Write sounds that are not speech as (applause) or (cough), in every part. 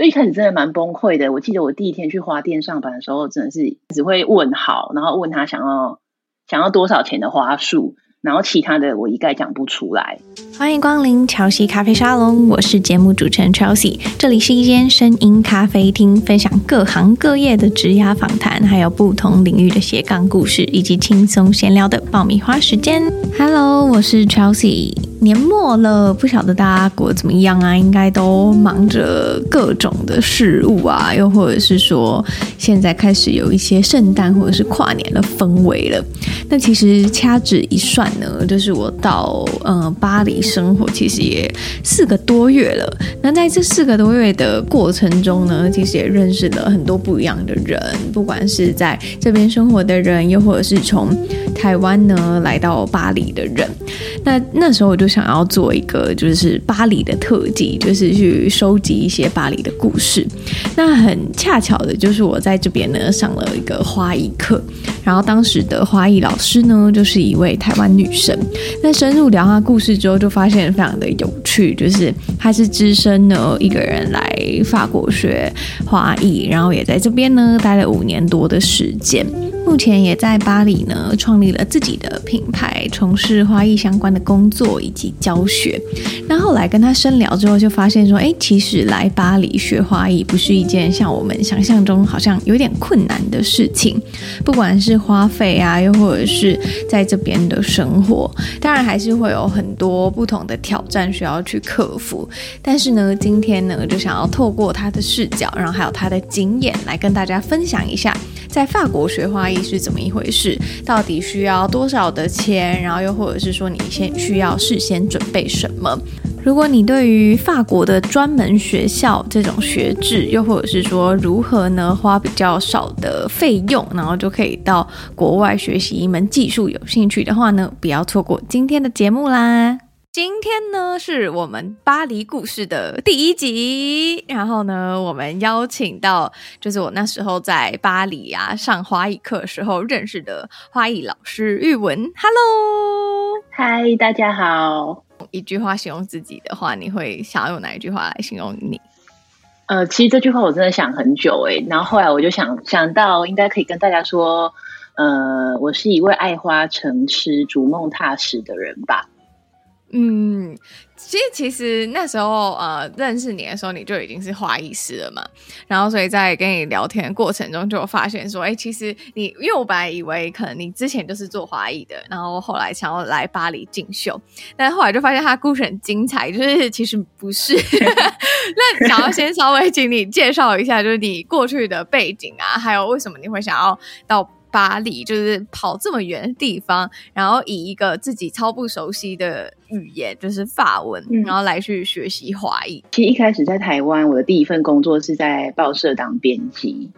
所以一開始真的蠻崩潰的。我記得我第一天去花店上班的時候，真的是只會問好，然後問他想要想要多少錢的花束。然後其他的我一概講不出來。歡迎光臨喬西咖啡沙龍，我是節目主持人 Chelsea，這裡是一間聲音咖啡廳，分享各行各業的職涯訪談，還有不同領域的斜槓故事，以及輕鬆閒聊的爆米花時間。Hello，我是 Chelsea。年末了，不曉得大家過得怎麼樣啊？應該都忙着各種的事物啊，又或者是說現在開始有一些聖誕或者是跨年的氛圍了。那其實掐指一算，呢，就是我到呃，巴黎生活，其實也四個多月了。那在這四個多月的過程中呢，其實也認識了很多不一樣的人，不管是在這邊生活的人，又或者是從台灣呢來到巴黎的人。那那時候我就想要做一個就是巴黎的特輯，就是去收集一些巴黎的故事。那很恰巧的就是我在這邊呢上了一個花藝課，然後當時的花藝老師呢就是一位台灣。女神。那深入聊她故事之後，就發現非常的有趣，就是她是只身呢一個人來法國學花藝，然後也在這邊呢待了五年多的時間。目前也在巴黎呢，創立了自己的品牌，從事花藝相關的工作以及教學。那後來跟他深聊之後，就發現說，欸，其實來巴黎學花藝不是一件像我們想象中好像有點困難的事情。不管是花費啊，又或者是在這邊的生活，當然還是會有很多不同的挑戰需要去克服。但是呢，今天呢，我就想要透過他的視角，然後還有他的經驗，來跟大家分享一下。在法國學花藝是怎麼一回事？到底需要多少的錢？然後又或者是說，你先需要事先準備什麼？如果你對於法國的專門學校這種學制，又或者是說如何呢，花比較少的費用，然後就可以到國外學習一門技術，有興趣的話呢，不要錯過今天的節目啦！今天呢，是我們巴黎故事的第一集。然後呢，我們邀請到就是我那時候在巴黎啊上花藝課時候認識的花藝老師玉文。Hello，嗨，大家好。一句話形容自己的話，你會想要用哪一句話來形容你？呃，其實這句話我真的想很久誒、欸、然後後來我就想想到，應該可以跟大家說，呃，我是一位愛花成癡、逐夢踏實的人吧。嗯，其實其實那時候呃認識你的時候，你就已經是花藝師了嘛。然後所以，在跟你聊天的過程中，就發現說，哎、欸，其實你，因為我本來以為可能你之前就是做花藝的，然後後來想要來巴黎進修，但後來就發現他故事很精彩，就是其實不是。 (laughs) (laughs) 那想要先稍微請你介紹一下，就是你過去的背景啊，還有為什麼你會想要到。巴黎，就是跑這麼遠的地方，然後以一個自己超不熟悉的語言，就是法文，然後來去學習花藝。嗯、其實一開始在台灣，我的第一份工作是在報社當編輯，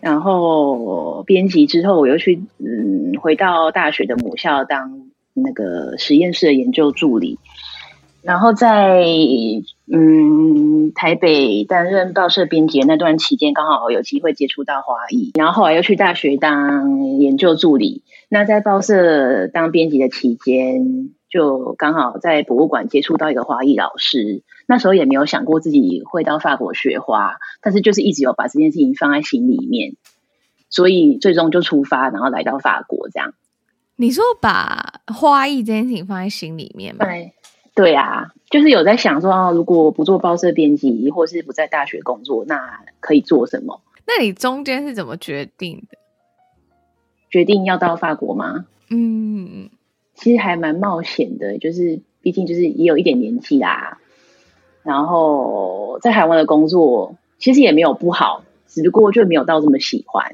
然後編輯之後，我又去嗯，回到大學的母校當那個實驗室的研究助理，然後在。嗯，台北擔任報社編輯那段期間，剛好有機會接觸到花藝，然後後來又去大學當研究助理。那在報社當編輯的期間，就剛好在博物館接觸到一個花藝老師。那時候也沒有想過自己會到法國學花，但是就是一直有把這件事情放在心裡面，所以最終就出發，然後來到法國這樣。你說把花藝這件事情放在心裡面嗎？對。對啊，就是有在想說、啊，如果不做報社編輯，或是不在大學工作，那可以做什麼？那你中間是怎麼決定的？決定要到法國嗎？嗯，其實還蠻冒險的，就是畢竟就是也有一點年紀啦。然後在台灣的工作其實也沒有不好，只不過就沒有到這麼喜歡。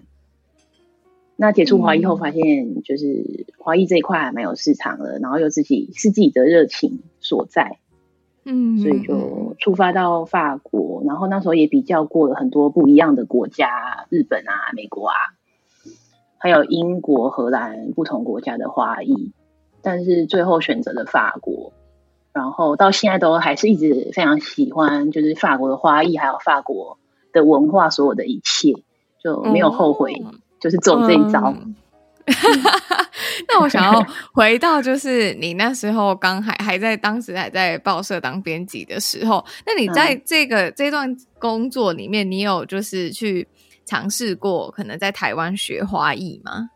那解除花藝後，發現就是花藝這一塊還蠻有市場的，嗯、然後又自己是自己的熱情。所在，嗯，所以就出發到法國，然後那時候也比較過了很多不一樣的國家，日本啊、美國啊，還有英國、荷蘭不同國家的花藝，但是最後選擇了法國，然後到現在都還是一直非常喜歡，就是法國的花藝，還有法國的文化，所有的一切就沒有後悔，嗯、就是走這一遭。嗯對 (laughs) (laughs) 那我想要回到，就是你那時候剛還還在當時還在報社當編輯的時候，那你在這個、嗯、這段工作裡面，你有就是去嘗試過可能在台灣學花藝嗎？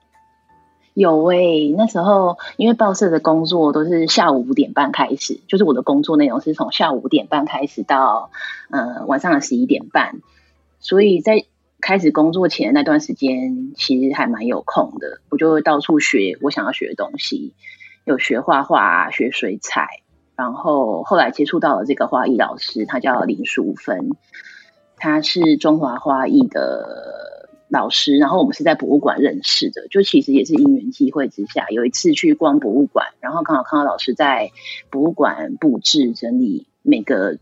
有誒、欸，那時候因為報社的工作都是下午五點半開始，就是我的工作內容是從下午五點半開始到嗯、呃、晚上的十一點半，所以在。開始工作前那段時間，其實還蠻有空的，我就會到處學我想要學的東西，有學畫畫、學水彩，然後後來接觸到了這個花藝老師，他叫林淑芬，他是中華花藝的老師，然後我們是在博物館認識的，就其實也是因緣際會之下，有一次去逛博物館，然後剛好看到老師在博物館布置整理每個。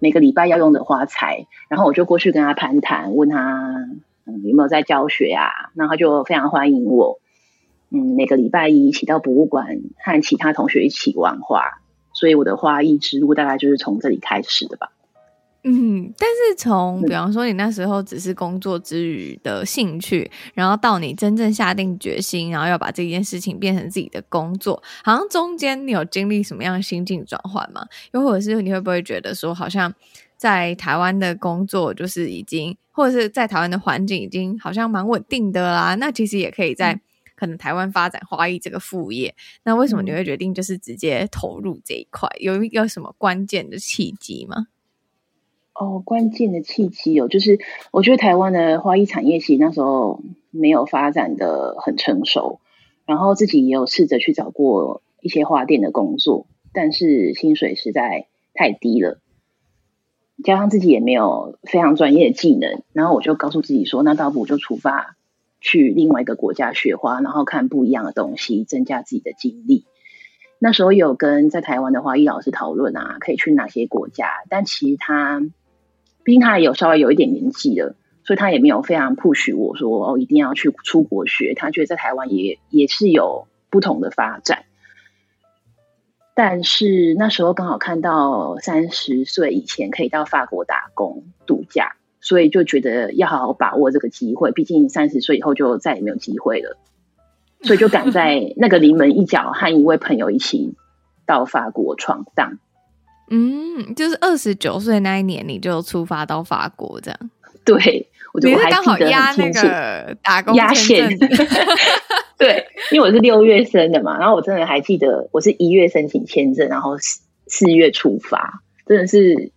每個禮拜要用的花材，然後我就過去跟他攀談，問他嗯有沒有在教學啊？那他就非常歡迎我，嗯每個禮拜一一起到博物館和其他同學一起玩花，所以我的花藝之路大概就是從這裡開始的吧。嗯，但是從比方說你那時候只是工作之餘的興趣，對然後到你真正下定決心，然後要把這件事情變成自己的工作，好像中間你有經歷什麼樣的心境轉換嗎？又或者是你會不會覺得說，好像在台灣的工作就是已經，或者是在台灣的環境已經好像蠻穩定的啦？那其實也可以在可能台灣發展花藝這個副業，嗯、那為什麼你會決定就是直接投入這一塊？有有什麼關鍵的契機嗎？哦，關鍵的契機有、哦、就是我覺得台灣的花藝產業其實那時候沒有發展得很成熟，然後自己也有試着去找過一些花店的工作，但是薪水實在太低了，加上自己也沒有非常專業的技能，然後我就告訴自己說，那倒不如就出發去另外一個國家學花，然後看不一樣的東西，增加自己的經歷。那時候有跟在台灣的花藝老師討論啊，可以去哪些國家，但其實他。畢竟他也有稍微有一點年紀了，所以他也沒有非常 push 我說哦，一定要去出國學，他覺得在台灣也也是有不同的發展。但是那時候剛好看到三十歲以前可以到法國打工度假，所以就覺得要好好把握這個機會。畢竟三十歲以後就再也沒有機會了，所以就趕在那個臨門一腳，和一位朋友一起到法國闖蕩。嗯，就是二十九歲那一年，你就出發到法國這樣？對，我覺得我還記得簽證，壓線 (laughs) 對，因為我是六月生的嘛，然後我真的還記得，我是一月申請簽證，然後四四月出發，真的是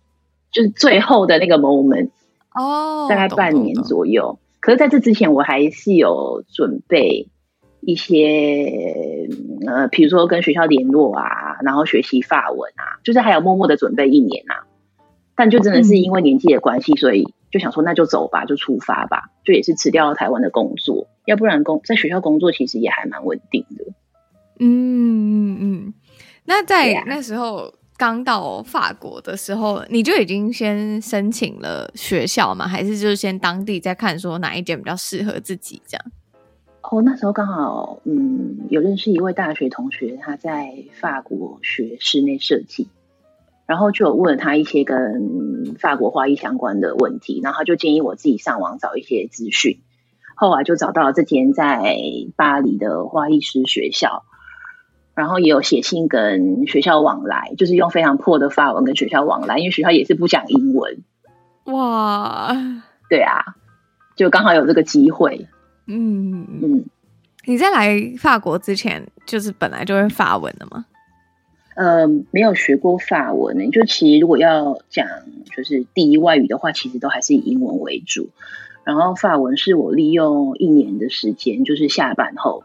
就是最後的那個 moment 哦，oh, 大概半年左右。懂懂，可是在這之前，我還是有準備。一些呃、，比如說跟學校聯絡啊，然後學習法文啊，就是還有默默的準備一年啊。但就真的是因為年紀的關係，所以就想說那就走吧，就出發吧，就也是辭掉了台灣的工作，要不然工、在學校工作其實也還蠻穩定的。嗯嗯嗯，那在那時候剛到法國的時候，Yeah. 你就已經先申請了學校嗎？還是就是先當地再看說哪一點比較適合自己這樣？哦，oh, 那時候剛好，嗯，有認識一位大學同學，他在法國學室內設計，然後就有問了他一些跟法國花藝相關的問題，然後他就建議我自己上網找一些資訊，後來就找到了這間在巴黎的花藝師學校，然後也有寫信跟學校往來，就是用非常破的法文跟學校往來，因為學校也是不講英文。哇，對啊，就剛好有這個機會。嗯嗯，嗯，你在來法國之前，就是本來就會法文的嗎？呃，沒有學過法文呢。就其實如果要講就是第一外語的話，其實都還是以英文為主。然後法文是我利用一年的時間，就是下班後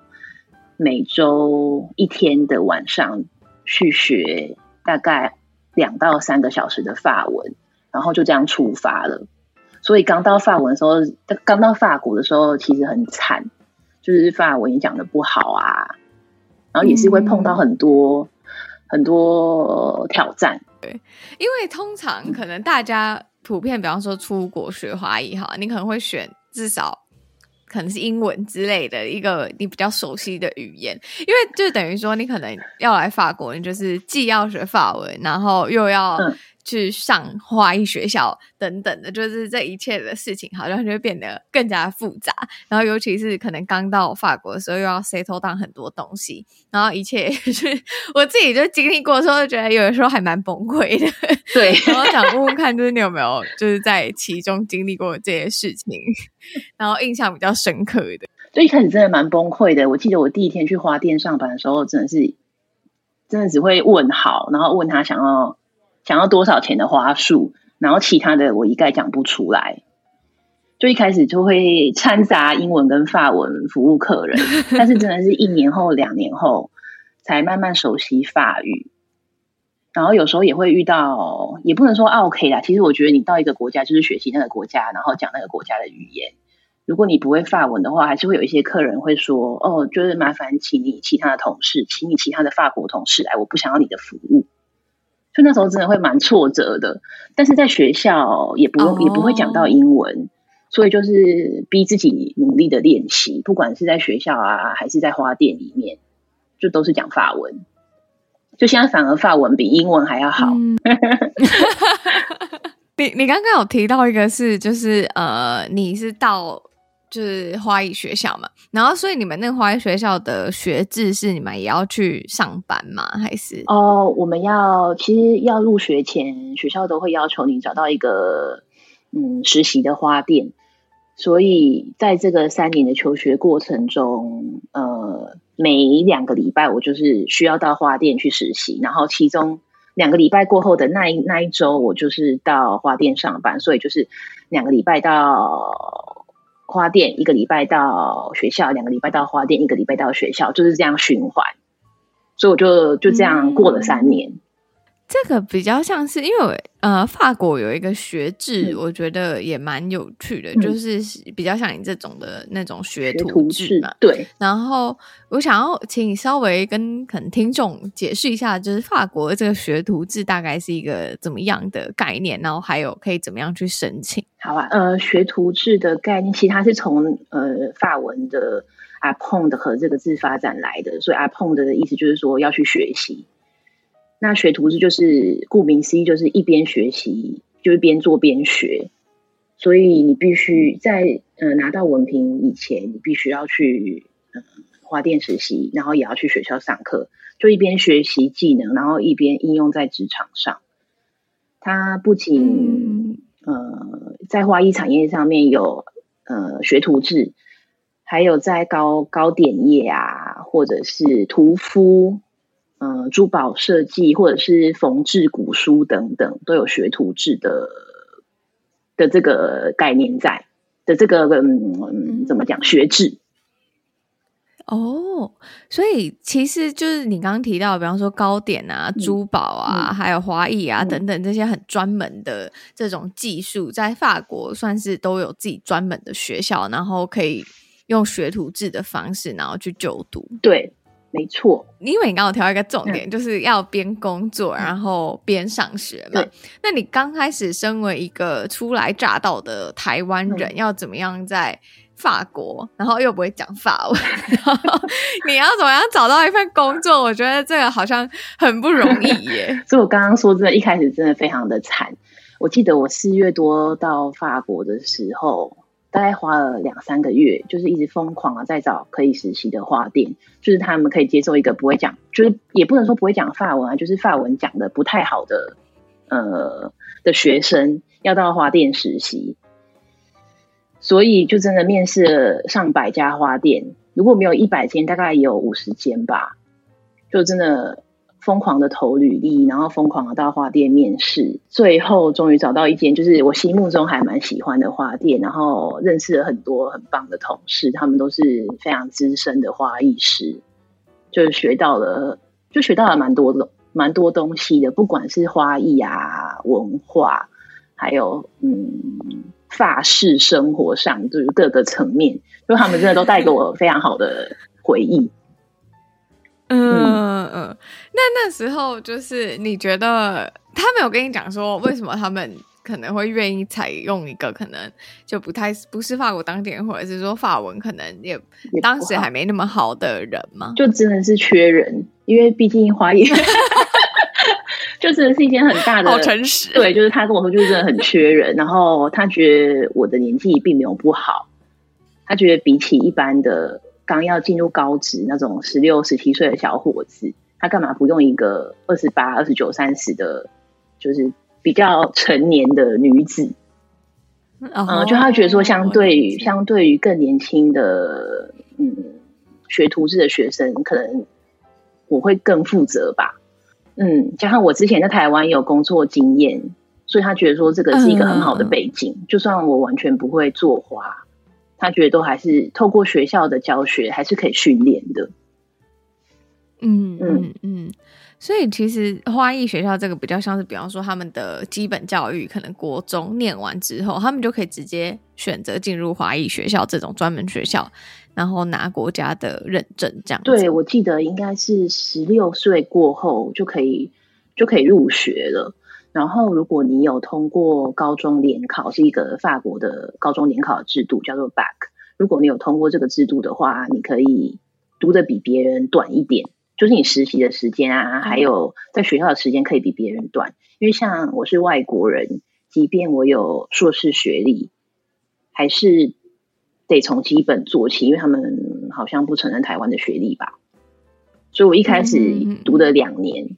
每週一天的晚上去學，大概兩到三個小時的法文，然後就這樣出發了。所以剛到法文的時候，剛到法國的時候其實很慘，就是法文也講得不好啊，然後也是會碰到很多、嗯、很多挑戰。對，因為通常可能大家普遍，比方說出國學華語哈，你可能會選至少可能是英文之類的一個你比較熟悉的語言，因為就等於說你可能要來法國，你就是既要學法文，然後又要、嗯。去上花藝學校等等的，就是這一切的事情，好像就會變得更加複雜。然後尤其是可能剛到法國的時候，又要 settle down 很多東西，然後一切、就是，是我自己就經歷過的時候覺得有的時候還蠻崩潰的。對，然後想問問看，就是你有沒有就是在其中經歷過這些事情，然後印象比較深刻的？就一開始真的蠻崩潰的。我記得我第一天去花店上班的時候，真的是真的只會問好，然後問他想要。想要多少錢的花束，然後其他的我一概講不出來。就一開始就會摻雜英文跟法文服務客人，但是真的是一年後、兩年後才慢慢熟悉法語。然後有時候也會遇到，也不能說 OK 啦。其實我覺得你到一個國家就是學習那個國家，然後講那個國家的語言。如果你不會法文的話，還是會有一些客人會說：“哦，就是麻煩請你其他的同事，請你其他的法國同事來，我不想要你的服務。”就那時候真的會蠻挫折的，但是在學校也不用、oh. 也不會講到英文，所以就是逼自己努力的練習，不管是在學校啊，還是在花店裡面，就都是講法文。就現在反而法文比英文還要好。嗯、 (laughs) (laughs) 你你剛剛有提到一個是，就是呃，你是到。就是花藝學校嘛，然後所以你們那個花藝學校的學制是你們也要去上班嗎？還是？哦，我們要，其實要入學前，學校都會要求你找到一個，嗯，實習的花店，所以在這個三年的求學過程中，呃，每兩個禮拜我就是需要到花店去實習，然後其中兩個禮拜過後的那一那一周，我就是到花店上班，所以就是兩個禮拜到花店一個禮拜到學校，兩個禮拜到花店，一個禮拜到學校，就是這樣循環。所以我就就這樣過了三年。嗯。這個比較像是因為呃，法國有一個學制，嗯、我覺得也蠻有趣的，嗯、就是比較像你這種的那種學徒制嘛。制對。然後我想要請稍微跟可能聽眾解釋一下，就是法國這個學徒制大概是一個怎麼樣的概念，然後還有可以怎麼樣去申請？好啊，呃，學徒制的概念其實它是從呃法文的 apprendre 和這個字發展來的，所以 apprendre 的意思就是說要去學習。那學徒制就是顧名思義，就是一邊學習，就一邊做邊學，所以你必須在呃拿到文憑以前，你必須要去呃，花店實習，然後也要去學校上課，就一邊學習技能，然後一邊應用在職場上。它不僅呃在花藝產業上面有呃學徒制，還有在糕糕點業啊，或者是屠夫。嗯、呃，珠寶設計或者是縫製古書等等，都有學徒制的的這個概念在的這個嗯，嗯，怎麼講學制？哦，所以其實就是你剛剛提到，比方說糕點啊、嗯、珠寶啊，嗯、還有花藝啊、嗯、等等這些很專門的這種技術，在法國算是都有自己專門的學校，然後可以用學徒制的方式，然後去就讀。對。沒錯，因為你剛剛有提到一個重點，嗯、就是要邊工作然後邊上學嘛。嗯、那你剛開始身為一個初來乍到的台灣人，嗯、要怎麼樣在法國，然後又不會講法文，嗯、你要怎麼樣找到一份工作？嗯、我覺得這個好像很不容易耶。所以我剛剛說真的，一開始真的非常的慘。我記得我四月多到法國的時候。大概花了兩三個月，就是一直瘋狂啊，在找可以實習的花店，就是他們可以接受一個不會講，就是也不能說不會講法文啊，就是法文講得不太好的，呃，的學生要到花店實習，所以就真的面試了上百家花店，如果沒有一百間，大概也有五十間吧，就真的。瘋狂的投履歷，然後瘋狂的到花店面試，最後終於找到一間就是我心目中還蠻喜歡的花店，然後認識了很多很棒的同事，他們都是非常資深的花藝師，就是學到了，就學到了蠻多種、蠻多東西的，不管是花藝啊、文化，還有嗯，法式生活上，就是各個層面，因為他們真的都帶給我非常好的回憶。 (laughs) 嗯嗯，嗯，那那時候就是你覺得他沒有跟你講說為什麼他們可能會願意採用一個可能就不太不是法國當地人，或者是說法文可能也，也當時還沒那麼好的人嗎？就真的是缺人，因為畢竟花藝 (laughs) (laughs) 就是是一間很大的，好誠實。對，就是他跟我說，就是真的很缺人。 (laughs) 然後他覺得我的年紀並沒有不好，他覺得比起一般的。剛要進入高職那種十六十七歲的小伙子，他幹嘛不用一個二十八二十九三十的，就是比較成年的女子？啊、oh 呃，就他覺得說，相對於相對於更年輕的，嗯，學徒制的學生，可能我會更負責吧。嗯，加上我之前在台灣有工作經驗，所以他覺得說，這個是一個很好的背景，uh, um. 就算我完全不會做花。他覺得都還是透過學校的教學還是可以訓練的，嗯嗯嗯，嗯所以其實花藝學校這個比較像是，比方說他們的基本教育，可能國中念完之後，他們就可以直接選擇進入花藝學校這種專門學校，然後拿國家的認證這樣。對，我記得應該是十六歲過後就可以就可以入學了。然後，如果你有通過高中聯考，是一個法國的高中聯考制度，叫做 bac。如果你有通過這個制度的話，你可以讀的比別人短一點，就是你實習的時間啊，還有在學校的時間可以比別人短。因為像我是外國人，即便我有碩士學歷，還是得從基本做起，因為他們好像不承認台灣的學歷吧。所以我一開始讀了兩年。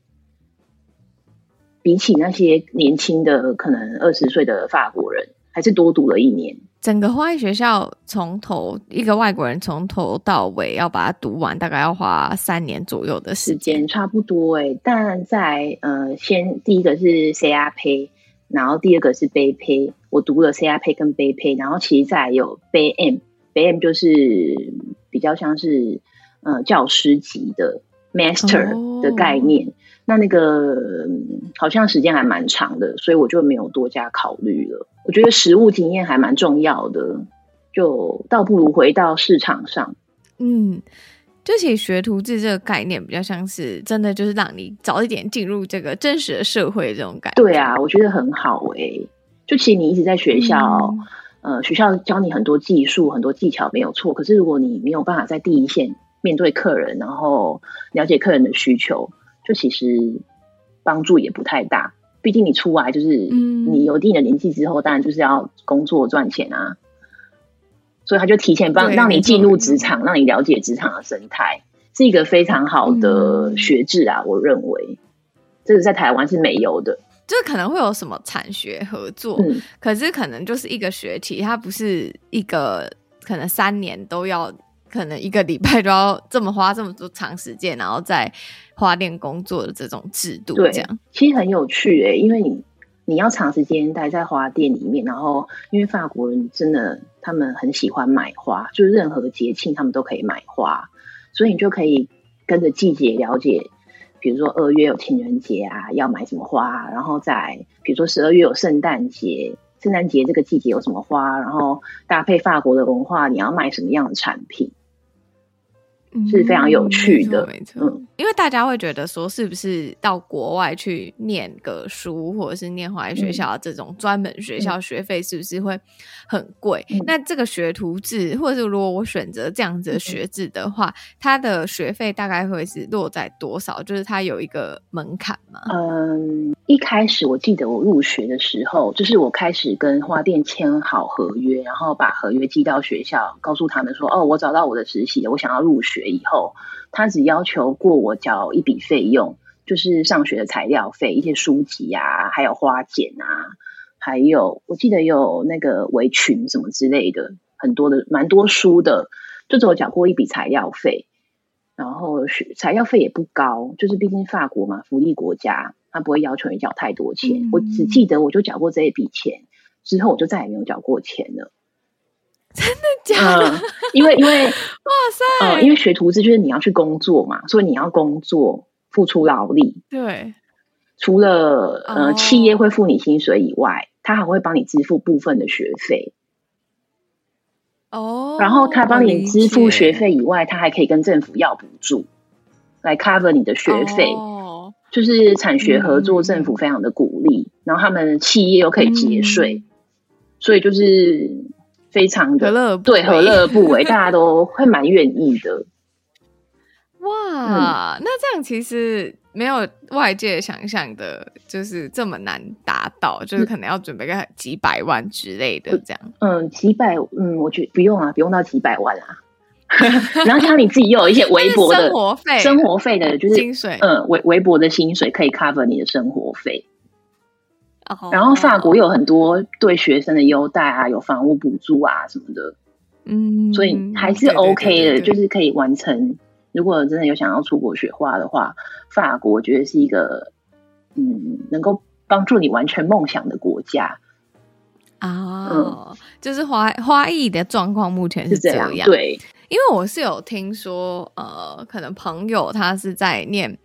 比起那些年輕的可能二十歲的法國人，還是多讀了一年。整個花藝學校從頭一個外國人從頭到尾要把它讀完，大概要花三年左右的時間，時差不多哎、欸。但在呃，先第一個是 CAP 然後第二個是 BP，我讀了 CAP 跟 BP，然後其實在有 BM，BM 就是比較像是、呃、教師級的 Master 的概念。哦那那個好像時間還蠻長的，所以我就沒有多加考慮了。我覺得實務經驗還蠻重要的，就倒不如回到市場上。嗯，就其實學徒制這個概念比較像是真的，就是讓你早一點進入這個真實的社會這種感覺。對啊，我覺得很好誒、欸、就其實你一直在學校，嗯、呃，學校教你很多技術、很多技巧沒有錯，可是如果你沒有辦法在第一線面對客人，然後了解客人的需求。就其實幫助也不太大，畢竟你出來就是你有一定的年紀之後，嗯、當然就是要工作賺錢啊。所以他就提前幫對讓你進入職場，錯讓你了解職場的生態，是一個非常好的學制啊。嗯、我認為這個在台灣是沒有的，就可能會有什麼產學合作，嗯、可是可能就是一個學期，它不是一個可能三年都要。可能一個禮拜都要這麼花這麼多長時間，然後在花店工作的這種制度。這樣，對，其實很有趣哎、欸，因為你你要長時間待在花店裡面，然後因為法國人真的他們很喜歡買花，就是任何節慶他們都可以買花，所以你就可以跟着季節了解，比如說二月有情人節啊，要買什麼花，然後再，比如說十二月有聖誕節，聖誕節這個季節有什麼花，然後搭配法國的文化，你要買什麼樣的產品。是非常有趣的，嗯、沒錯，沒嗯、因為大家會覺得說，是不是到國外去念個書，或者是念花藝學校這種專門學校，學費是不是會很貴？嗯、那這個學徒制，或者是如果我選擇這樣子的學制的話，嗯、它的學費大概會是落在多少？就是它有一個門檻嗎？嗯，一開始我記得我入學的時候，就是我開始跟花店簽好合約，然後把合約寄到學校，告訴他們說，哦，我找到我的實習，我想要入學。學以後，他只要求過我繳一筆費用，就是上學的材料費，一些書籍啊，還有花剪啊，還有我記得有那個圍裙什麼之類的，很多的，蠻多書的，就只有繳過一筆材料費，然後學材料費也不高，就是畢竟法國嘛，福利國家，他不會要求你繳太多錢。嗯、我只記得我就繳過這一筆錢，之後我就再也沒有繳過錢了。真的假的？呃、因為因為哇塞、呃、因為學徒制就是你要去工作嘛，所以你要工作付出勞力。對，除了呃、oh. 企業會付你薪水以外，他還會幫你支付部分的學費。Oh. 然後他幫你支付學費以外，oh. 他還可以跟政府要補助來 cover 你的學費。Oh. 就是產學合作，政府非常的鼓勵，mm. 然後他們企業又可以節稅，mm. 所以就是。非常的樂、欸，對，何樂不為？大家都會蠻願意的。哇，嗯、那這樣其實沒有外界想象的，就是這麼難達到，就是可能要準備個幾百萬之類的這樣。嗯，幾、嗯、百，嗯，我覺得不用啊，不用到幾百萬啊。 (laughs) 然後像你自己又有一些微薄的生活費，生活費的就是薪水，嗯，微微薄的薪水可以 cover 你的生活費。然後法國有很多對學生的優待啊，有房屋補助啊什麼的，嗯，所以還是 OK 的，就是可以完成。如果真的有想要出國學花的話，法國我覺得是一個，嗯，能夠幫助你完成夢想的國家。啊、哦，嗯、就是花花藝的狀況目前是這樣，這樣對，因為我是有聽說，呃，可能朋友他是在念。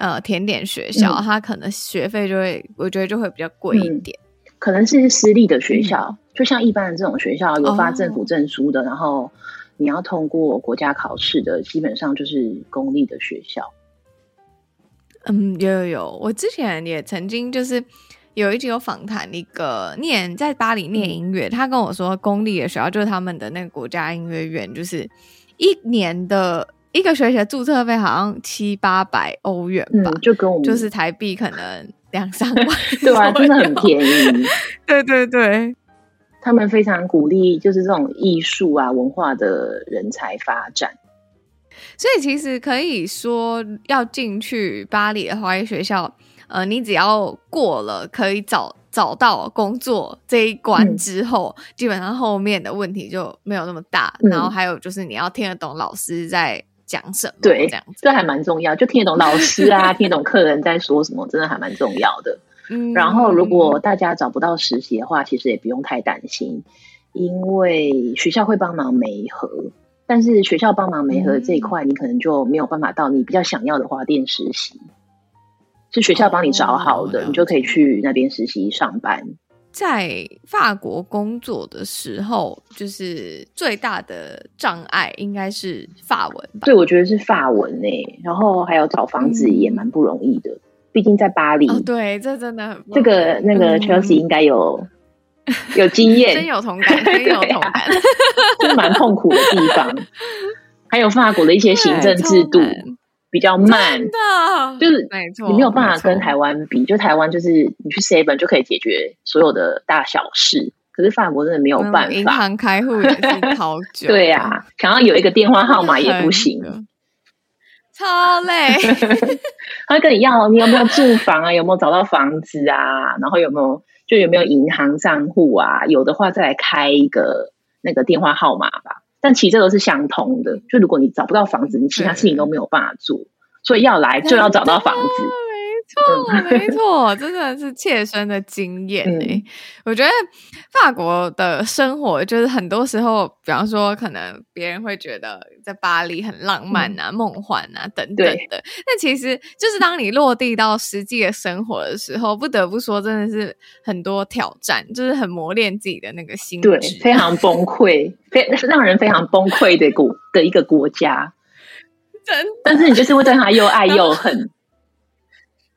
呃，甜點學校，嗯、它可能學費就會，我覺得就會比較貴一點，嗯，可能是私立的學校，嗯、就像一般的這種學校有發政府證書的，哦、然後你要通過國家考試的，基本上就是公立的學校。嗯，有有有，我之前也曾經就是有一集有訪談那個念在巴黎念音樂，嗯、他跟我說公立的學校就是他們的那個國家音樂院，就是一年的。一個學期的注冊費好像七八百歐元吧，嗯、就跟我們就是台幣可能兩三萬， (laughs) 對啊，真的很便宜， (laughs) 對對對，他們非常鼓勵就是這種藝術啊文化的人才發展，所以其實可以說要進去巴黎的花藝學校，呃，你只要過了可以找找到工作這一關之後，嗯、基本上後面的問題就沒有那麼大，嗯、然後還有就是你要聽得懂老師在。講什麼？對，這樣子這還蠻重要，就聽得懂老師啊， (laughs) 聽得懂客人在說什麼，真的還蠻重要的。 (laughs) 然後，如果大家找不到實習的話，其實也不用太擔心，因為學校會幫忙媒合。但是學校幫忙媒合這一塊，你可能就沒有辦法到你比較想要的花店實習， (laughs) 是學校幫你找好的，哦哦、你就可以去那邊實習上班。在法國工作的時候，就是最大的障礙應該是法文吧。對，我覺得是法文呢、欸。然後還有找房子也蠻不容易的，畢、嗯、竟在巴黎、哦。對，這真的很。這個那個 Chelsea 應該有、嗯、有經驗，有同感， (laughs) 啊、有同感，是蠻、啊、 (laughs) 痛苦的地方。 (laughs) 還有法國的一些行政制度。比較慢，真的就是沒錯你沒有辦法跟台灣比。錯就台灣就是你去 s 塞本就可以解決所有的大小事，可是法國真的沒有辦法。銀、嗯、行開戶也是好久。 (laughs) 對呀、啊，想要有一個電話號碼也不行， (laughs) 超累。 (laughs) 他會跟你要你有沒有住房啊，有沒有找到房子啊，然後有沒有就有沒有銀行賬戶啊？有的話再來開一個那個電話號碼吧。但其實都是相通的，就如果你找不到房子，你其他事情都沒有辦法做，嗯、所以要來就要找到房子。錯、哦，沒錯，真的是切身的經驗哎、欸。嗯、我覺得法國的生活就是很多時候，比方說，可能別人會覺得在巴黎很浪漫啊、夢、嗯、幻啊等等的。那對其實就是當你落地到實際的生活的時候，不得不說，真的是很多挑戰，就是很磨練自己的那個心情。對，非常崩潰，非讓人非常崩潰的國的一個國家。 (laughs) 真的，但是你就是會對他又愛又恨。 (laughs)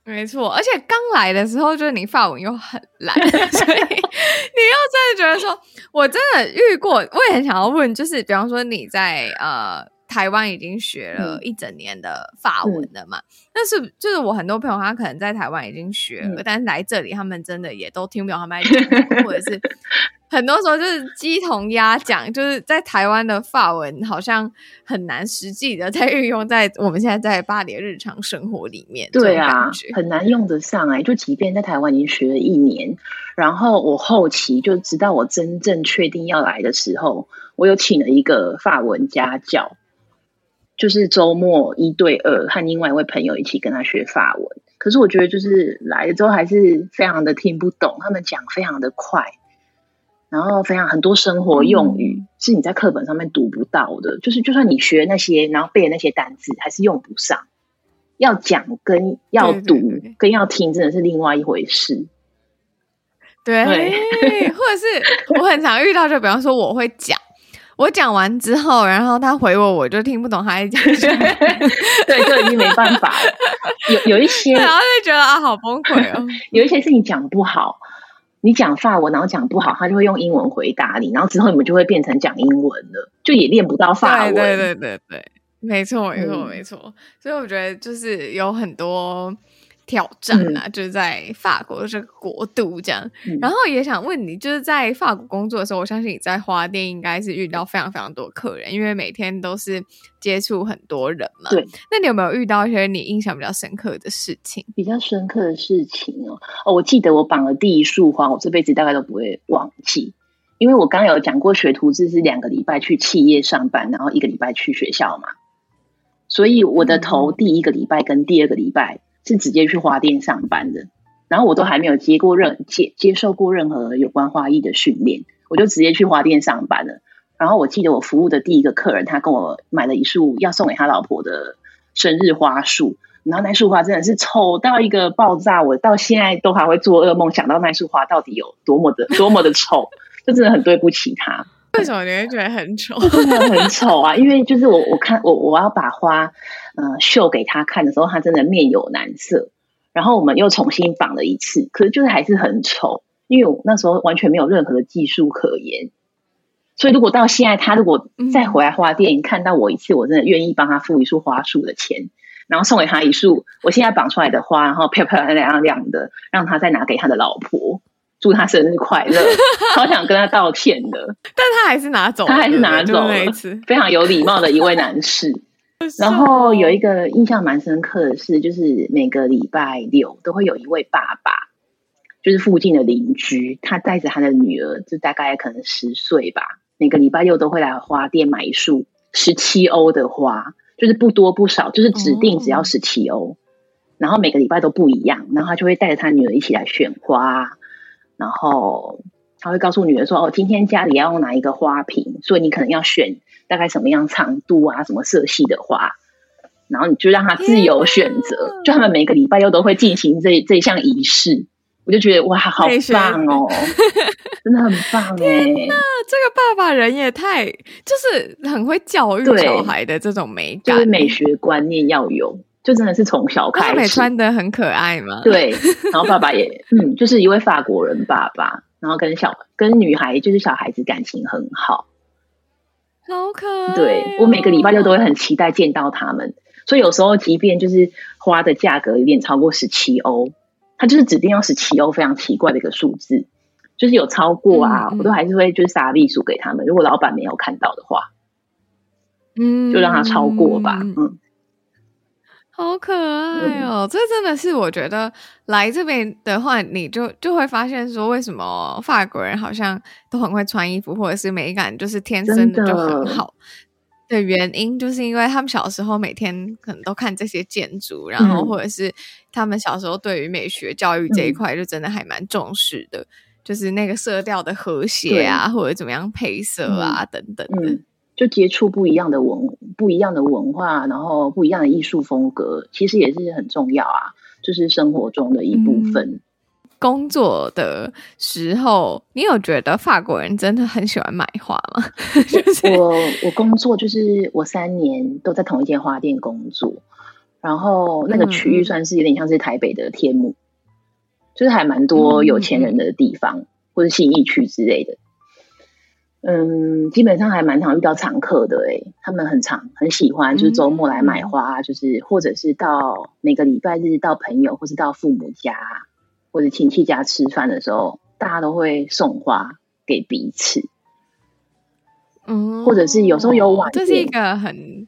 沒錯，而且剛來的時候就是你法文又很爛， (laughs) 所以你又真的覺得說，我真的遇過。我也很想要問，就是比方說你在呃台灣已經學了一整年的法文了嘛？嗯、是，但是就是我很多朋友他可能在台灣已經學了，嗯、但是來這裡他們真的也都聽不懂他們在講什麼 (laughs) 或者是。很多時候就是雞同鴨講，就是在台灣的法文好像很難實際的在運用在我們現在在巴黎的日常生活裡面。對啊，很難用得上哎、欸。就即便在台灣已經學了一年，然後我後期就直到我真正確定要來的時候，我有請了一個法文家教，就是周末一對二，和另外一位朋友一起跟他學法文。可是我覺得就是來了之後還是非常的聽不懂，他們講非常的快。然後非常很多生活用語，嗯嗯，是你在課本上面讀不到的，就是就算你學那些，然後背那些單詞，還是用不上。要講跟要讀跟要聽真的是另外一回事。對，對，對 或者是我很常遇到，就比方說我會講，我講完之後，然後他回我，我就聽不懂他在講什麼，對，對， (laughs) 就已經沒辦法了。有有一些，然後就覺得啊，好崩潰哦。有一些是你講不好。你講法文，然後講不好，他就會用英文回答你，然後之後你們就會變成講英文了，就也練不到法文。對對對對對，沒錯沒錯、嗯、沒錯。所以我覺得就是有很多。挑戰啊，嗯、就是在法國這個、就是、國度這樣。然後也想問你，就是在法國工作的時候，我相信你在花店應該是遇到非常非常多客人，因為每天都是接觸很多人嘛。對，那你有沒有遇到一些你印象比較深刻的事情？比較深刻的事情哦，哦，我記得我綁了第一束花，我這輩子大概都不會忘記，因為我剛有講過學徒制是兩個禮拜去企業上班，然後一個禮拜去學校嘛，所以我的頭第一個禮拜跟第二個禮拜，是直接去花店上班的，然後我都還沒有接過任，接，接受過任何有關花藝的訓練，我就直接去花店上班了。然後我記得我服務的第一個客人，他跟我買了一束要送給他老婆的生日花束，然後那束花真的是醜到一個爆炸，我到現在都還會做噩夢，想到那束花到底有多麼的多麼的醜， (laughs) 就真的很對不起他。為什麼你會覺得很醜？真 (laughs) 的很醜啊！因為就是我，我看我，我要把花嗯、呃、秀給他看的時候，他真的面有難色。然後我們又重新綁了一次，可是就是還是很醜，因為我那時候完全沒有任何的技術可言。所以如果到現在，他如果再回來花店、嗯、看到我一次，我真的願意幫他付一束花束的錢，然後送給他一束我現在綁出來的花，然後漂漂亮亮的，讓他再拿給他的老婆。祝他生日快樂，好想跟他道歉的， (laughs) 但他還是拿走，他還是拿走了。非常有禮貌的一位男士。 (laughs) 然後有一個印象蠻深刻的是，就是每個禮拜六都會有一位爸爸，就是附近的鄰居，他帶着他的女兒，就大概可能十歲吧。每個禮拜六都會來花店買一束十七歐的花，就是不多不少，就是指定只要十七歐。嗯、然後每個禮拜都不一樣，然後他就會帶着他女兒一起來選花。然後他會告訴女兒說：“哦，今天家裡要用哪一個花瓶，所以你可能要選大概什麼樣長度啊，什麼色系的花。”然後你就讓他自由選擇。天哪就他們每個禮拜又都會進行這這項儀式，我就覺得哇，好棒哦，美學 (laughs) 真的很棒哦！那這個爸爸人也太，就是很會教育小孩的這種美感，對，就是美學觀念要有。就真的是從小開始穿得很可愛嘛？對，然後爸爸也嗯，就是一位法國人爸爸，然後跟小跟女孩就是小孩子感情很好，好可愛。對，我每個禮拜就都會很期待見到他們，所以有時候即便就是花的價格有點超過十七歐，他就是指定要十七歐，非常奇怪的一個數字，就是有超過啊，我都還是會就是撒幣數給他們，如果老闆沒有看到的話，嗯，就讓他超過吧，嗯。好可愛哦！這真的是我覺得來這邊的話，你就就會發現說，為什麼法國人好像都很會穿衣服，或者是美感就是天生的就很好的原因，真的。就是因為他們小時候每天可能都看這些建築，嗯、然後或者是他們小時候對於美學教育這一塊就真的還蠻重視的，嗯、就是那個色調的和諧啊，對、或者怎麼樣配色啊、嗯、等等的。就接觸不一樣的文、不一樣的文化，然後不一樣的藝術風格，其實也是很重要啊，就是生活中的一部分、嗯。工作的時候，你有覺得法國人真的很喜歡買花嗎？對 (laughs) 我我工作就是我三年都在同一間花店工作，然後那個區域算是有點像是台北的天母、嗯、就是還蠻多有錢人的地方，嗯、或者信義區之類的。嗯，基本上還蠻常遇到常客的哎、欸，他們很常很喜歡，就是周末來買花，嗯、就是或者是到每個禮拜日到朋友或是到父母家或者親戚家吃飯的時候，大家都會送花給彼此。嗯，或者是有時候有晚，這是一個很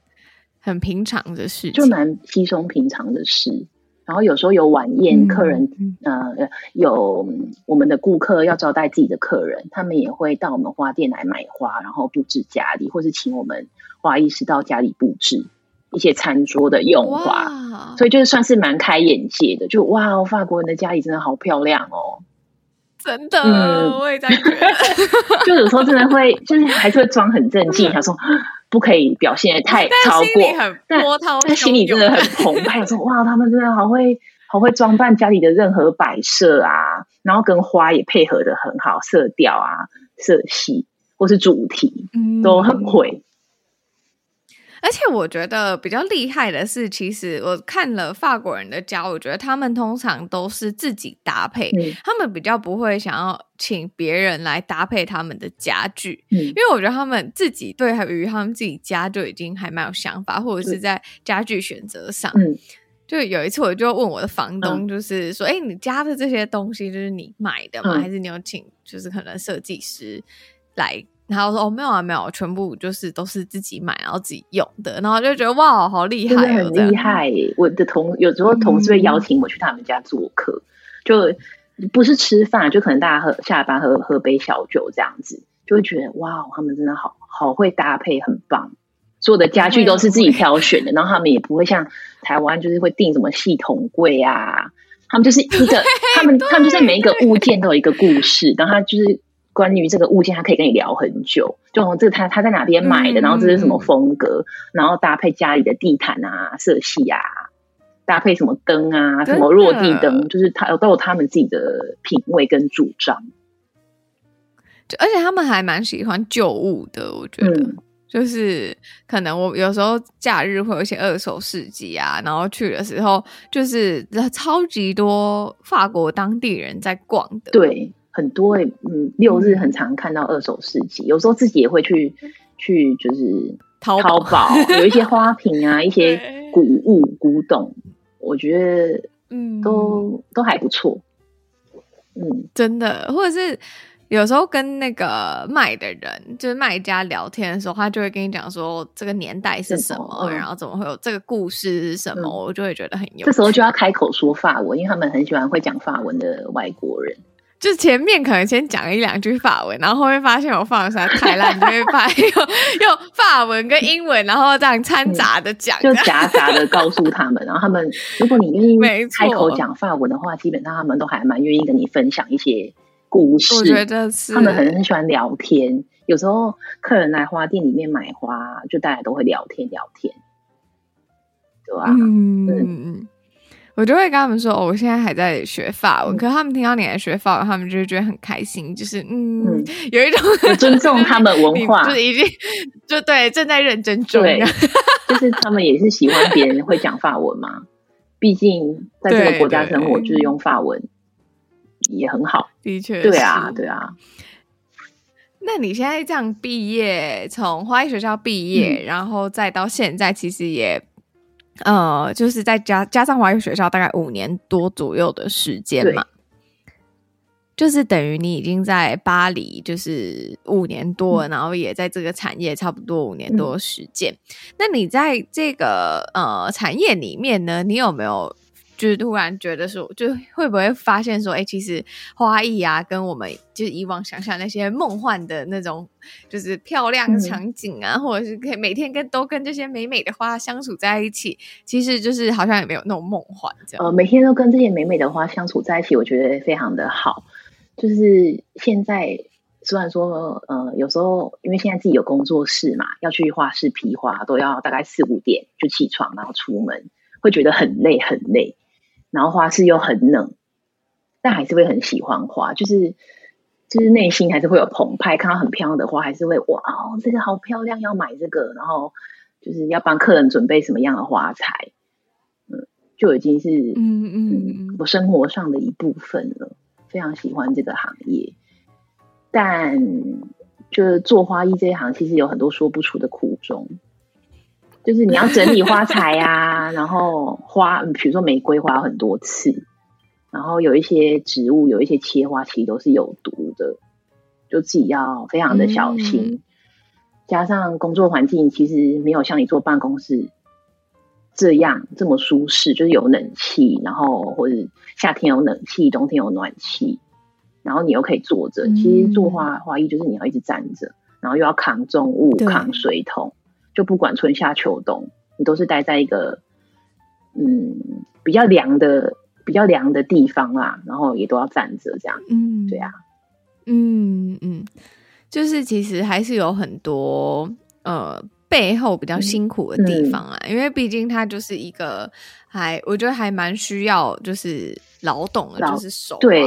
很平常的事，就蠻稀鬆平常的事。然後有時候有晚宴客人，嗯、呃，有我們的顧客要招待自己的客人，他們也會到我們花店來買花，然後佈置家裡，或是請我們花藝師到家裡佈置一些餐桌的用花，哇所以就是算是蠻開眼界的，就哇、哦，法國人的家裡真的好漂亮哦，真的，嗯、我也在覺得， (laughs) 就有時候真的會，就是還是會裝很正經，想、嗯、說。不可以表現得太超過但但，但心裡真的很澎湃。 (laughs) 說哇，他們真的好會，好會裝扮家裡的任何擺設啊，然後跟花也配合得很好，色調啊、色系或是主題，都很會。嗯而且我覺得比較厲害的是，其實我看了法國人的家，我覺得他們通常都是自己搭配，嗯、他們比較不會想要請別人來搭配他們的家具，嗯、因為我覺得他們自己對於他們自己家就已經還蠻有想法，或者是在家具選擇上。嗯、就有一次我就問我的房東，就是說，哎、嗯欸，你家的這些東西就是你買的嗎？嗯、還是你有請，就是可能設計師來？然後說哦，沒有啊沒有，全部就是都是自己買，然後自己用的。然後就覺得哇好厲害、哦，很厲害。樣我的同有時候同事會邀請我去他們家做客，嗯、就不是吃飯，就可能大家喝下班喝喝杯小酒這樣子，就會覺得哇他們真的好好會搭配，很棒。做的家具都是自己挑選的，對然後他們也不會像台灣就是會訂什麼系統櫃啊，他們就是一個對他們對他們就是每一個物件都有一個故事，然後他就是。關於這個物件，他可以跟你聊很久。就這他，他他在哪邊買的？然後這是什麼風格？嗯、然後搭配家裡的地毯啊、色系啊，搭配什麼燈啊、真的、什麼落地燈，就是他都有他們自己的品味跟主張。就而且他們還蠻喜歡舊物的，我覺得、嗯、就是可能我有時候假日會有一些二手市集啊，然後去的時候就是超級多法國當地人在逛的。對。很多，欸、嗯，六日很常看到二手市集，嗯、有時候自己也會去，嗯、去，就是淘淘寶，有一些花瓶啊，一些古物、對古董，我覺得嗯，都都還不錯。嗯，真的，或者是有時候跟那個賣的人，就是賣家聊天的時候，他就會跟你講說這個年代是什麼，什麼然後怎麼會有這個故事是什麼，對我就會覺得很有趣。這時候就要開口說法文，因為他們很喜歡會講法文的外國人。就前面可能先講一兩句法文，然後後面發現我法文實在太爛，就會發，用用法文跟英文，然後這樣摻雜的講，嗯、就夾雜的告訴他們。 (laughs) 然後他們，如果你願意開口講法文的話，錯基本上他們都還蠻願意跟你分享一些故事。他們很很喜歡聊天。有時候客人來花店裡面買花，就大家都會聊天聊天，對吧？嗯。嗯我就會跟他們說，哦，我現在還在學法文。嗯、可是他們聽到你在學法文，他們就會覺得很開心，就是嗯，嗯有一種很尊重他們文化，就是已經就對正在認真做、啊。就是他們也是喜歡別人會講法文嘛，畢 (laughs) 竟，在這個國家生活就是用法文也很好。的確，對啊，對啊。那你現在這樣畢業，從花藝學校畢業，嗯、然後再到現在，其實也。呃，就是再加加上華語學校大概五年多左右的時間嘛，對就是等於你已經在巴黎就是五年多，嗯、然後也在這個產業差不多五年多時間。嗯、那你在這個呃產業裡面呢，你有沒有？就是突然覺得說，就會不會發現說，哎、欸，其實花藝啊，跟我們就是以往想象那些夢幻的那種，就是漂亮場景啊，嗯、或者是可以每天跟都跟這些美美的花相處在一起，其實就是好像也沒有那種夢幻這樣。呃，每天都跟這些美美的花相處在一起，我覺得非常的好。就是現在雖然說，呃，有時候因為現在自己有工作室嘛，要去花市批花，都要大概四五點就起床，然後出門，會覺得很累，很累。然後花市又很冷，但還是會很喜歡花，就是就是內心還是會有澎湃，看到很漂亮的花，還是會哇哦，這個好漂亮，要買這個，然後就是要幫客人準備什麼樣的花材，嗯，就已經是嗯，嗯，嗯，嗯，嗯我生活上的一部分了，非常喜歡這個行業，但就是做花藝這一行，其實有很多說不出的苦衷。就是你要整理花材呀，啊， (laughs) 然後花，比如說玫瑰花很多刺，然後有一些植物，有一些切花其實都是有毒的，就自己要非常的小心。嗯、加上工作環境其實沒有像你坐辦公室這樣這麼舒適，就是有冷氣，然後或者夏天有冷氣，冬天有暖氣，然後你又可以坐着。嗯、其實做花花藝就是你要一直站着，然後又要扛重物，對扛水桶。就不管春夏秋冬，你都是待在一個，嗯，比較涼的、比較涼的地方啊，然後也都要站着這樣。嗯，對啊，嗯嗯，就是其實還是有很多呃。背後比較辛苦的地方啊，嗯嗯、因為畢竟它就是一個還，還我覺得還蠻需要就是勞動的，就是手啊對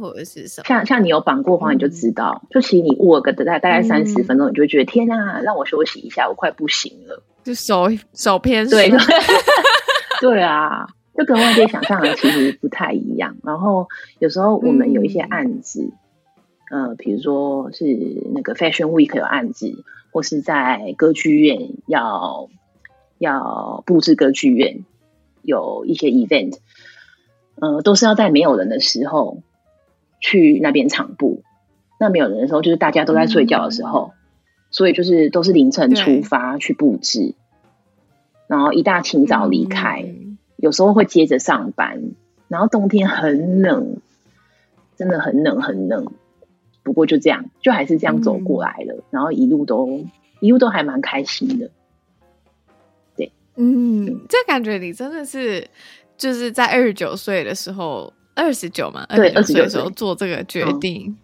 或者是什麼，像像你有綁過花，你就知道，嗯、就其實你握個大概大概三十分鐘，你就覺得、嗯、天啊，讓我休息一下，我快不行了，就手手偏對， (laughs) (laughs) 對啊，就跟外界想象的其實不太一樣。然後有時候我們有一些案子，嗯，呃、比如說是那個 Fashion Week 有案子。或是在歌劇院，要要布置歌劇院有一些 event，呃，都是要在沒有人的時候去那邊場布。那沒有人的時候，就是大家都在睡覺的時候，嗯、所以就是都是凌晨出發去布置，對然後一大清早離開，嗯、有時候會接着上班。然後冬天很冷，真的很冷很冷。不過就這樣，就還是這樣走過來了，嗯、然後一路都一路都還蠻開心的，對，嗯，對這感覺你真的是就是在二十九歲的時候，二十九嘛，二十九歲的時候做這個決定，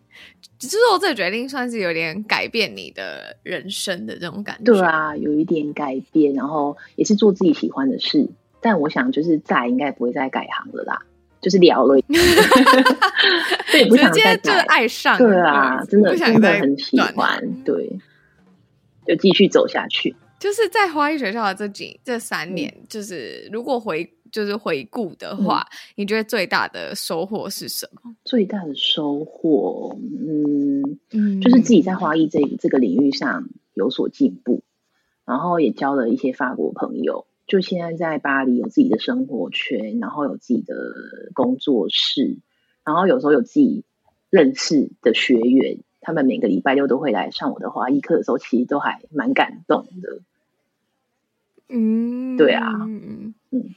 只是說這個決定算是有點改變你的人生的這種感覺。對啊，有一點改變，然後也是做自己喜歡的事，但我想就是再應該不會再改行了啦。就是聊了，這也直接就是愛上。對啊，真的真的很喜歡，對，就繼續走下去。就是在花藝學校的這幾這三年，嗯、就是如果回就是回顧的話，嗯、你覺得最大的收穫是什麼？最大的收穫，嗯，嗯，就是自己在花藝這這個領域上有所進步，然後也交了一些法國朋友。就現在在巴黎有自己的生活圈，然後有自己的工作室，然後有時候有自己的認識的學員，他們每個禮拜六都會來上我的花藝課的時候，其實都還蠻感動的。嗯，對啊，嗯嗯嗯，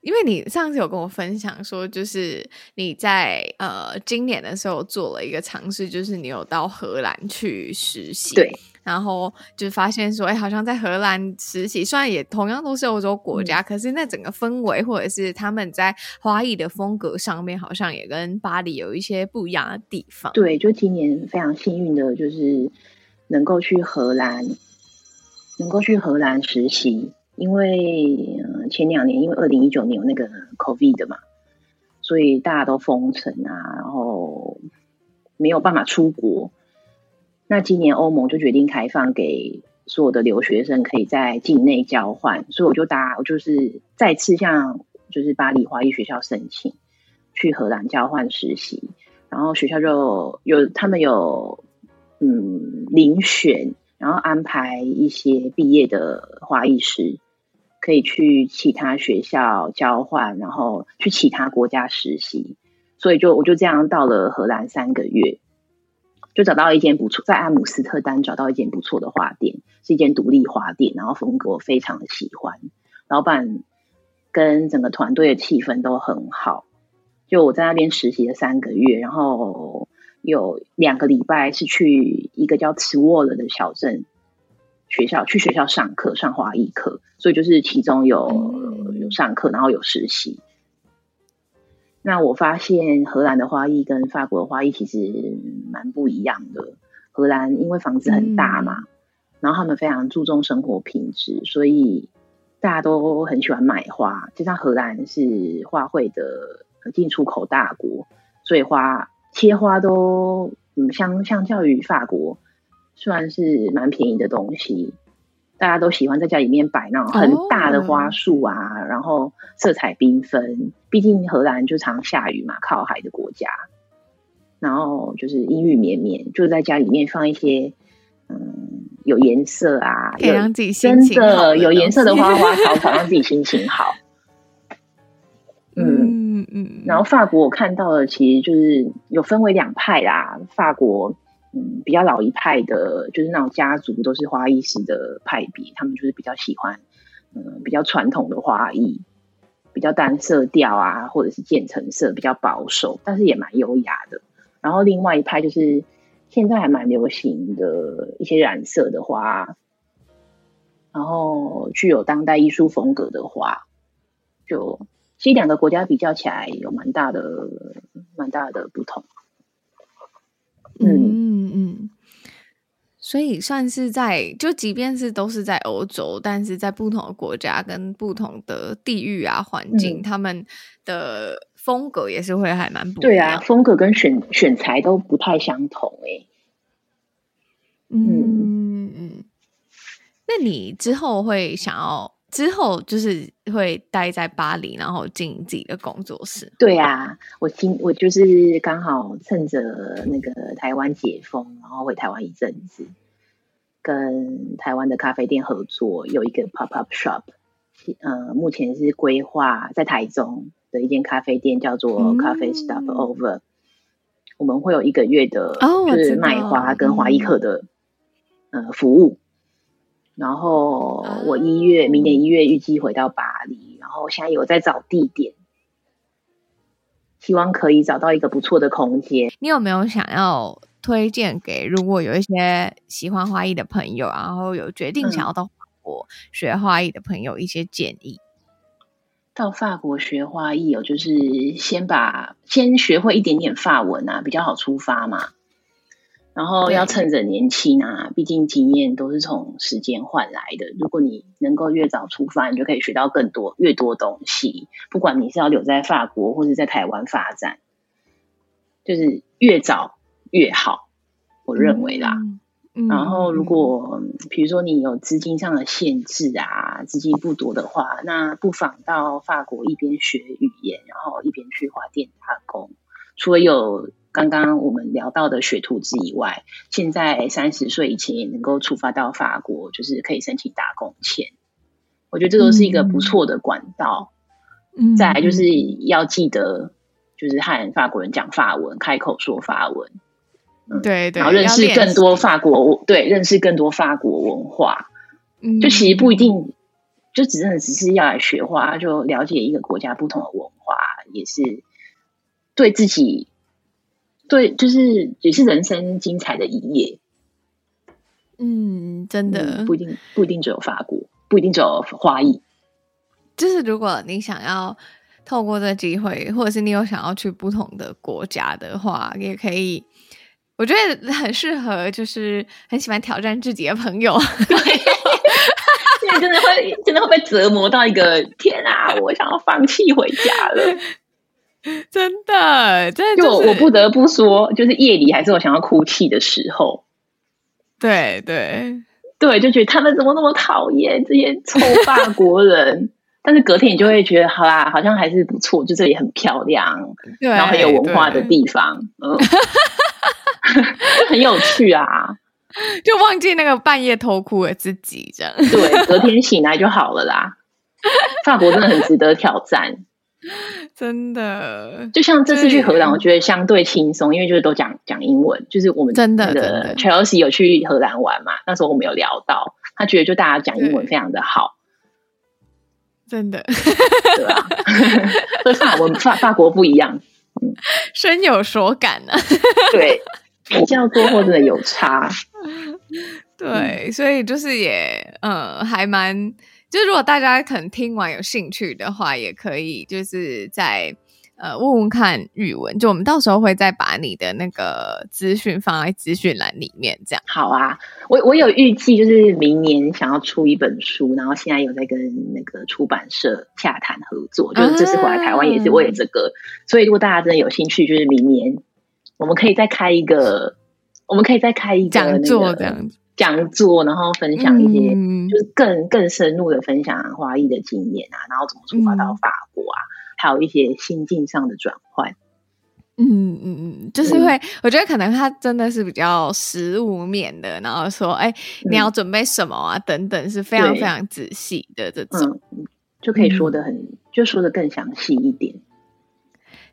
因為你上次有跟我分享說，就是你在呃今年的時候做了一個嘗試，就是你有到荷蘭去實習。對。然後就發現說，哎、欸，好像在荷蘭實習，雖然也同樣都是歐洲國家，嗯、可是那整個氛圍或者是他們在花藝的風格上面，好像也跟巴黎有一些不一樣的地方。對，就今年非常幸運的就是能夠去荷蘭，能夠去荷蘭實習，因為前兩年因為二零一九年有那個 COVID 的嘛，所以大家都封城啊，然後沒有辦法出國。那今年歐盟就決定開放給所有的留學生可以在境內交換，所以我就搭，我就是再次向就是巴黎花藝學校申請去荷蘭交換實習，然後學校就有，他們有嗯遴選，然後安排一些畢業的花藝師可以去其他學校交換，然後去其他國家實習，所以就我就這樣到了荷蘭三個月。就找到一間不錯，在阿姆斯特丹找到一間不錯的花店，是一間獨立花店，然後風格我非常的喜歡，老闆跟整個團隊的氣氛都很好。就我在那邊實習了三個月，然後有兩個禮拜是去一個叫茨沃勒的小鎮學校去學校上課上花藝課，所以就是其中有有上課，然後有實習。那我發現荷蘭的花藝跟法國的花藝其實蠻不一樣的。荷蘭因為房子很大嘛，嗯、然後他們非常注重生活品質，所以大家都很喜歡買花。就像荷蘭是花卉的進出口大國，所以花切花都嗯相相較於法國，算是蠻便宜的東西。大家都喜歡在家裡面擺那種很大的花束啊，oh. 然後色彩繽紛。畢竟荷蘭就常下雨嘛，靠海的國家，然後就是陰雨綿綿，就在家裡面放一些嗯有顏色啊，有顏色的花花草草，讓自己心情好。嗯 (laughs) 嗯，然後法國我看到的其實就是有分為兩派啦，法國。嗯，比較老一派的，就是那種家族都是花藝師的派別，他們就是比較喜歡，嗯，比較傳統的花藝，比較單色調啊，或者是漸層色，比較保守，但是也蠻優雅的。然後另外一派就是現在還蠻流行的一些染色的花，然後具有當代藝術風格的花，就其實兩個國家比較起來，有蠻大的蠻大的不同。嗯嗯，所以算是在就，即便是都是在歐洲，但是在不同的國家跟不同的地域啊環境，嗯、他們的風格也是會還蠻不同的。對啊，風格跟選選材都不太相同誒、欸。嗯嗯嗯，那你之後會想要？之後就是會待在巴黎，然後進自己的工作室。對啊，我今我就是剛好趁着那個台灣解封，然後回台灣一陣子，跟台灣的咖啡店合作，有一個 pop up shop，呃。嗯，目前是規劃在台中的一間咖啡店，叫做咖啡 Stop Over。嗯，我們會有一個月的，哦，就是賣花跟花藝課的，嗯，呃服務。然後我一月、嗯、明年一月預計回到巴黎，然後我現在有在找地點，希望可以找到一個不錯的空間。你有沒有想要推薦給，如果有一些喜歡花藝的朋友，然後有決定想要到法國學花藝的朋友一些建議？嗯、到法國學花藝，我就是先把先學會一點點法文啊，比較好出發嘛。然後要趁着年輕啊，對畢竟經驗都是從時間換來的。如果你能夠越早出發，你就可以學到更多、越多東西。不管你是要留在法國，或者在台灣發展，就是越早越好，我認為啦。嗯嗯、然後，如果比如說你有資金上的限制啊，資金不多的話，那不妨到法國一邊學語言，然後一邊去花店打工。除了有剛剛我們聊到的學徒制以外，現在三十歲以前也能夠出發到法國，就是可以申請打工簽。我覺得這都是一個不錯的管道。嗯，再來就是要記得，就是和法國人講法文，嗯，開口說法文。嗯，對對。然後認識更多法國，對，認識更多法國文化。嗯，就其實不一定，就只能只是要來學花，就了解一個國家不同的文化，也是對自己。對，就是也是人生精彩的一頁。嗯，真的不一定不一定只有法國，不一定只有華裔。就是如果你想要透過這機會，或者是你有想要去不同的國家的話，也可以。我覺得很適合，就是很喜歡挑戰自己的朋友。對哈哈 (laughs) (laughs) 因為真的會真的會被折磨到一個天啊！我想要放棄回家了。真的，真的、就是，就我不得不說，就是夜裡還是我想要哭泣的時候。對對對，就覺得他們怎麼那麼討厭這些臭法國人？ (laughs) 但是隔天你就會覺得，好啦，好像還是不錯，就這裡很漂亮，對然後很有文化的地方，就很有趣啊！就忘記那個半夜偷哭的自己，這樣 (laughs) 對，隔天醒來就好了啦。法國真的很值得挑戰。 (laughs) 真的，就像這次去荷蘭，我覺得相對輕鬆，的因為就是都講講英文。就是我們真的，Chelsea 有去荷蘭玩嘛？那時候我們有聊到，他覺得就大家講英文非常的好，對真的。 (laughs) 對啊吧，和法文、法法國不一樣，身深有所感呢、啊。 (laughs) 對，比較過後真的有差。 (laughs) 對，所以就是也，嗯、呃，還蠻。就如果大家可能聽完有興趣的話，也可以就是再呃問問看 Yuwen。就我們到時候會再把你的那個資訊放在資訊欄裡面。這樣。好啊，我我有預計就是明年想要出一本書，然後現在有在跟那個出版社洽談合作。就是這次回來台灣也是為了這個，嗯、所以如果大家真的有興趣，就是明年我們可以再開一個，我們可以再開一個、那個、講座這樣子。講座，然後分享一些，嗯、就是更更深入的分享花藝的經驗啊，然後怎麼出發到法國啊，嗯、還有一些心境上的轉換。嗯嗯嗯，就是會，嗯、我覺得可能他真的是比較實務面的，然後說，哎，你要準備什麼啊？嗯、等等是非常非常仔細的對這種、嗯，就可以說得很，嗯、就說得更詳細一點。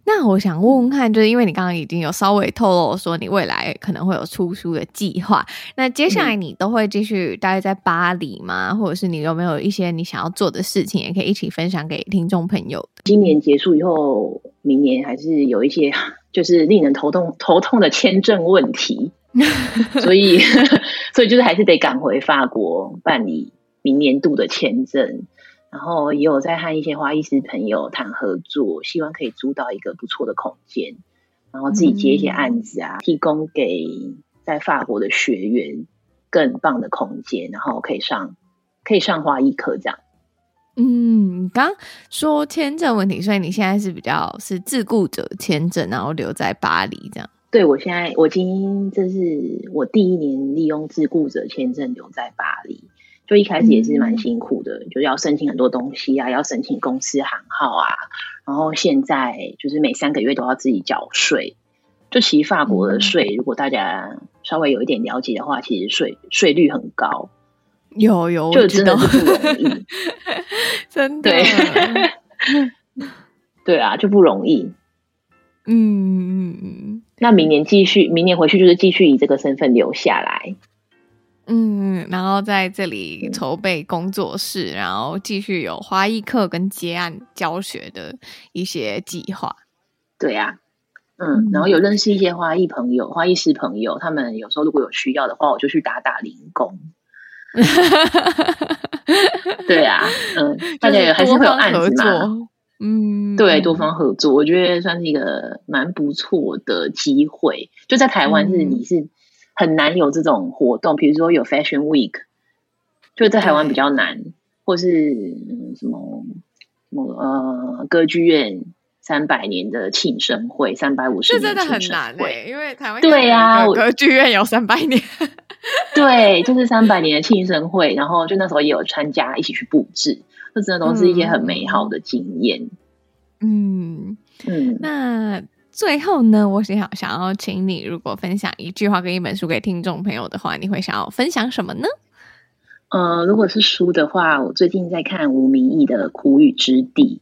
那我想問問看，就是因為你剛剛已經有稍微透露說你未來可能會有出書的計劃，那接下來你都會繼續待在巴黎嗎？嗯、或者是你有沒有一些你想要做的事情，也可以一起分享給聽眾朋友的？今年結束以後，明年還是有一些就是令人頭痛頭痛的簽證問題， (laughs) 所以所以就是還是得趕回法國辦理明年度的簽證。然後也有在和一些花藝師朋友談合作，希望可以租到一個不錯的空間，然後自己接一些案子啊，嗯、提供給在法國的學員更棒的空間，然後可以上可以上花藝課這樣。嗯，剛剛說簽證問題，所以你現在是比較是自雇者簽證，然後留在巴黎這樣。對，我現在我今這是我第一年利用自雇者簽證留在巴黎。就一開始也是蠻辛苦的，嗯、就要申請很多東西啊，要申請公司行號啊，然後現在就是每三個月都要自己繳稅。就其實法國的稅，如果大家稍微有一點了解的話，其實稅稅率很高，有有，我知道。就真的是不容易。 (laughs) 真的、啊，對， (laughs) 對啊，就不容易。嗯嗯嗯，那明年繼續，明年回去就是繼續以這個身份留下來。嗯，然後在這裡籌備工作室，然後繼續有花藝課跟接案教學的一些計劃。對呀，嗯，然後有認識一些花藝朋友、花藝師朋友，他們有時候如果有需要的話，我就去打打零工。對呀，嗯，但是還是會有案子嘛。嗯，對，多方合作，我覺得算是一個蠻不錯的機會。就在台灣，是你是。很難有這種活動，比如說有 Fashion Week，就在台灣比較難，對或是嗯什麼什麼呃歌劇院三百年的慶生會，三百五十年的慶生會，這真的很難欸，因為台灣對啊，歌劇院有三百年，對，就是三百年的慶生會， (laughs) 然後就那時候也有參加一起去布置，都真的都是一些很美好的經驗，嗯嗯，嗯那。最後呢，我想想要請你，如果分享一句話跟一本書給聽眾朋友的話，你會想要分享什麼呢？呃，如果是書的話，我最近在看吳明益的《苦雨之地》，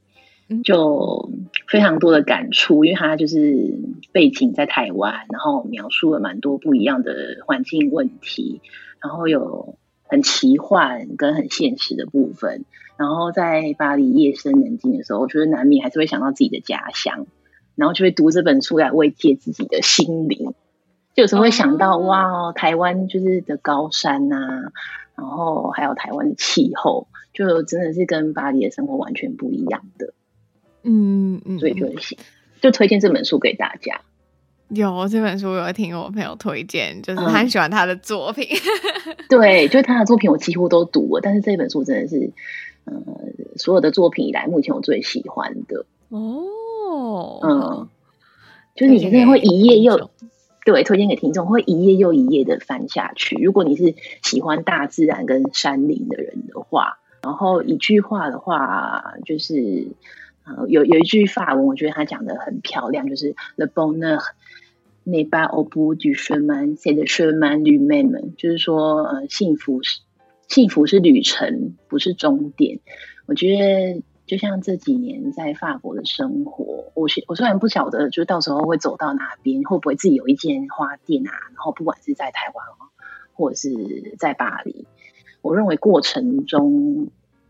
就非常多的感觸，因為他就是背景在台灣，然後描述了蠻多不一樣的環境問題，然後有很奇幻跟很現實的部分，然後在巴黎夜深人靜的時候，我覺得難免還是會想到自己的家鄉。然後就會讀這本書來慰藉自己的心靈，就有時候會想到哦，哇哦，台灣就是的高山吶、啊，然後還有台灣的氣候，就真的是跟巴黎的生活完全不一樣的。嗯嗯，所以就會寫，就推薦這本書給大家。有這本書，我有聽我朋友推薦，就是我很喜歡他的作品。嗯、 (laughs) 對，就他的作品，我幾乎都讀了，但是這本書真的是，呃、所有的作品以來，目前我最喜歡的。哦。哦，嗯，就是你肯定會一頁又嘿嘿對，推薦，對，推薦給聽眾，會一頁又一頁的翻下去。如果你是喜歡大自然跟山林的人的話，然後一句話的話，就是、呃、有有一句法文，我覺得他講得很漂亮，就是 Le bonheur n'est pas au bout du chemin, c'est le chemin du même 就是說，呃，幸福是幸福是旅程，不是終點。我覺得。就像這幾年在法國的生活，我，我雖然不曉得，就到時候會走到哪邊，會不會自己有一間花店啊？然後不管是在台灣啊或者是在巴黎，我認為過程中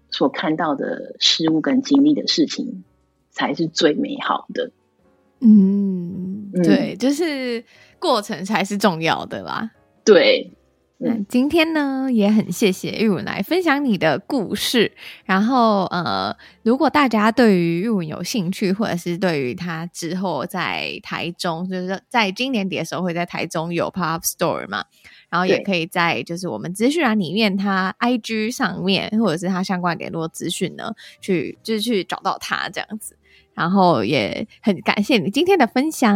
所看到的事物跟經歷的事情，才是最美好的。嗯，嗯對，就是過程才是重要的啦。對。那今天呢，也很謝謝 Yuwen 來分享你的故事。然後，呃，如果大家對於 Yuwen 有興趣，或者是對於他之後在台中，就是說在今年底的時候會在台中有 pop up store 嘛，然後也可以在就是我們資訊欄裡面，他 IG 上面，對或者是他相關聯絡資訊呢，去就是去找到他這樣子。然後也很感謝你今天的分享，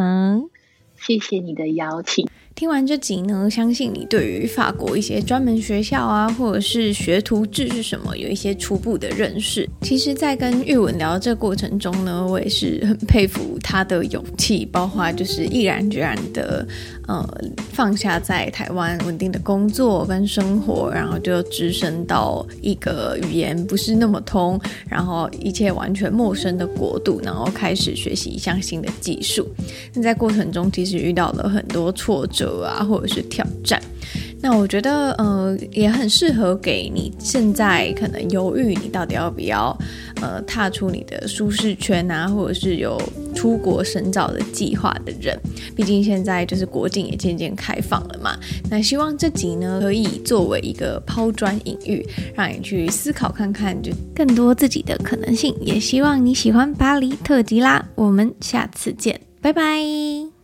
謝謝你的邀請。聽完這集呢，相信你對於法國一些專門學校啊，或者是學徒制是什麼，有一些初步的認識。其實，在跟玉文聊這過程中呢，我也是很佩服他的勇氣，包括就是毅然決然的。呃、嗯，放下在台灣穩定的工作跟生活，然後就置身到一個語言不是那麼通，然後一切完全陌生的國度，然後開始學習一項新的技術。那在過程中，其實遇到了很多挫折啊，或者是挑戰。那我覺得，呃，也很適合給你現在可能猶豫，你到底要不要，呃，踏出你的舒適圈啊，或者是有出國深造的計劃的人。畢竟現在就是國境也漸漸開放了嘛。那希望這集呢，可以作為一個拋磚引玉，讓你去思考看看就，就更多自己的可能性。也希望你喜歡巴黎特輯啦，我們下次見，拜拜。